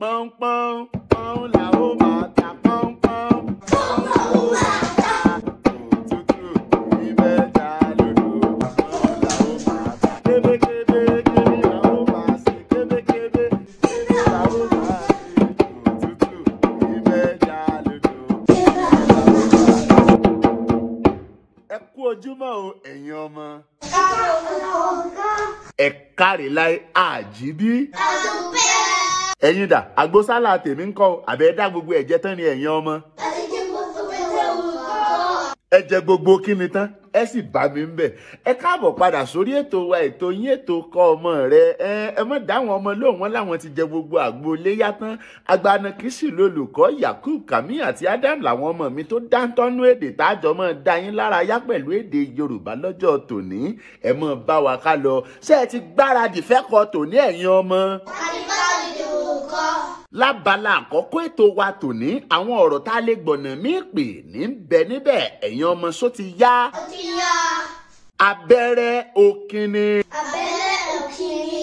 pọ́npọ́n pọ́n là ó máa ta pọ́npọ́n. pọ́npọ́n ó máa ta. òtútù ibẹ̀ ta lòdù pọ́npọ́n là ó máa ta. kébékébé kébé là ó máa ṣe kébékébé kébé là ó máa ṣe òtútù ibẹ̀ ta lòdù pọ́npọ́n o ẹ̀yin ọmọ. ká ọ̀gá. ẹ̀ka rẹ̀ láì àjíbí. àdùpẹ́ ẹ̀yin dà àgbósálà tèmi ń kọ́ àbẹ̀ ẹ dá gbogbo ẹ̀jẹ̀ tán ni ẹ̀yin ọmọ. ẹ jẹ gbogbo kí ni tán ẹ sì bá mi ń bẹ̀ ẹ káàbọ̀ padà sórí ètò wa ètò yín ètò kọ́ ọmọ rẹ ẹ ẹ mọ̀ dáwọn ọmọ lóun wọn làwọn ti jẹ gbogbo àgbo léyà tán agbanakí sì lolùkọ́ Yakub Kamil àti Adam làwọn ọmọ mi tó dáńtọ́nú èdè tájọ mọ́ da yín lárayá pẹ̀lú èdè Yorùbá lọ́jọ́ tòní ẹ mọ̀ bá wa ká lọ ṣé ẹ ti gbáradì fẹ́kọ̀ọ́ tòní ẹ̀yin ọmọ. àyíká lábala àkọ́kọ́ ètò wa tòní àwọn ọ̀rọ̀ tá a lè gbọ̀nà míì pè ní bẹ níbẹ̀ ẹ̀yin ọmọ só ti yá. ó ti yá. abẹ́rẹ́ òkìní. abẹ́rẹ́ òkìní.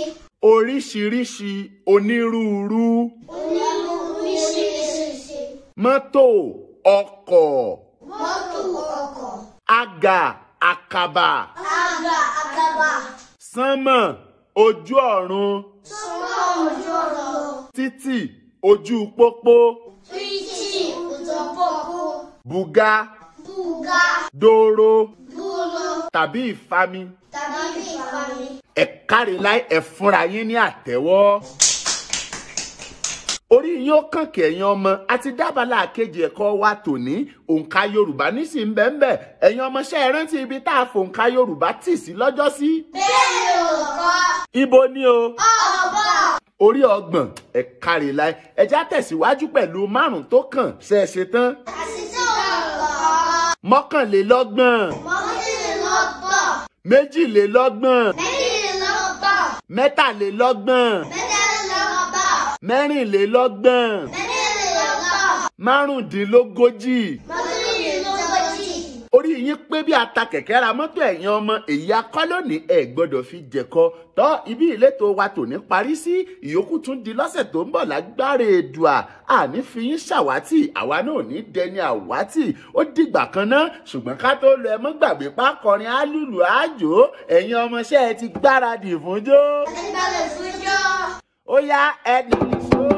oríṣiríṣi onírúurú. onírúurú oríṣiríṣi. mọ́tò ọkọ̀. mọ́tò ọkọ̀. àga àkàbà. àga àkàbà. sánmọ̀ ojú ọ̀run. sánmọ̀ ojú ọ̀run. títì ojú pópó. bíríjì ojú pópó. bùgá. bùgá. dòrò. dòrò. tàbí ìfami. tàbí ìfami. ẹ káre láì ẹ fúnra yín ní àtẹ́wọ́. orí yóò kàn kẹ̀yìn ọmọ àti dábàlà kejì ẹ̀kọ́ wa tòní òǹkà yorùbá nísìn bẹ́ẹ̀nbẹ́ ẹ̀yin ọmọọṣẹ́ rántí ibi tá a fòǹkà yorùbá tì sí lọ́jọ́ sí. bẹ́ẹ̀ ni òǹkọ. ibo ni o. ọ orí ọgbọ̀n ẹ kárí láì ẹjá tẹ̀síwájú pẹ̀lú márùn tó kàn ṣe é ṣe tán. àṣìṣe ọ̀rọ̀. mọ́kànlélọ́gbọ̀n. mọ́kànlélọ́gbọ̀n. méjìlélọ́gbọ̀n. méjìlélọ́gbọ̀n. mẹ́tàlélọ́gbọ̀n. mẹ́tàlélọ́gbọ̀n. mẹ́rìnlélọ́gbọ̀n. mẹ́rìnlélọ́gbọ̀n. márùndínlógójì. mọ yín pé bí ata kẹ̀kẹ́ ra mọ́tò ẹ̀yin ọmọ èyí akọ́lónì ẹ̀ gbọ́dọ̀ fi jẹ̀kọ tọ́ ibi ìletò wa tòní parí sí ìyókù tún di lọ́sẹ̀ tó ń bọ̀ lágbára èdùà àní fi yín ṣàwátì àwa náà ní dẹni àwátì ó dìgbà kan náà ṣùgbọ́n ká tó lọ ẹ gbàgbé pákọrin álùlù àjò ẹ̀yin ọmọọṣẹ́ ẹ ti gbáradì fúnjó. ó yá ẹni ìṣó.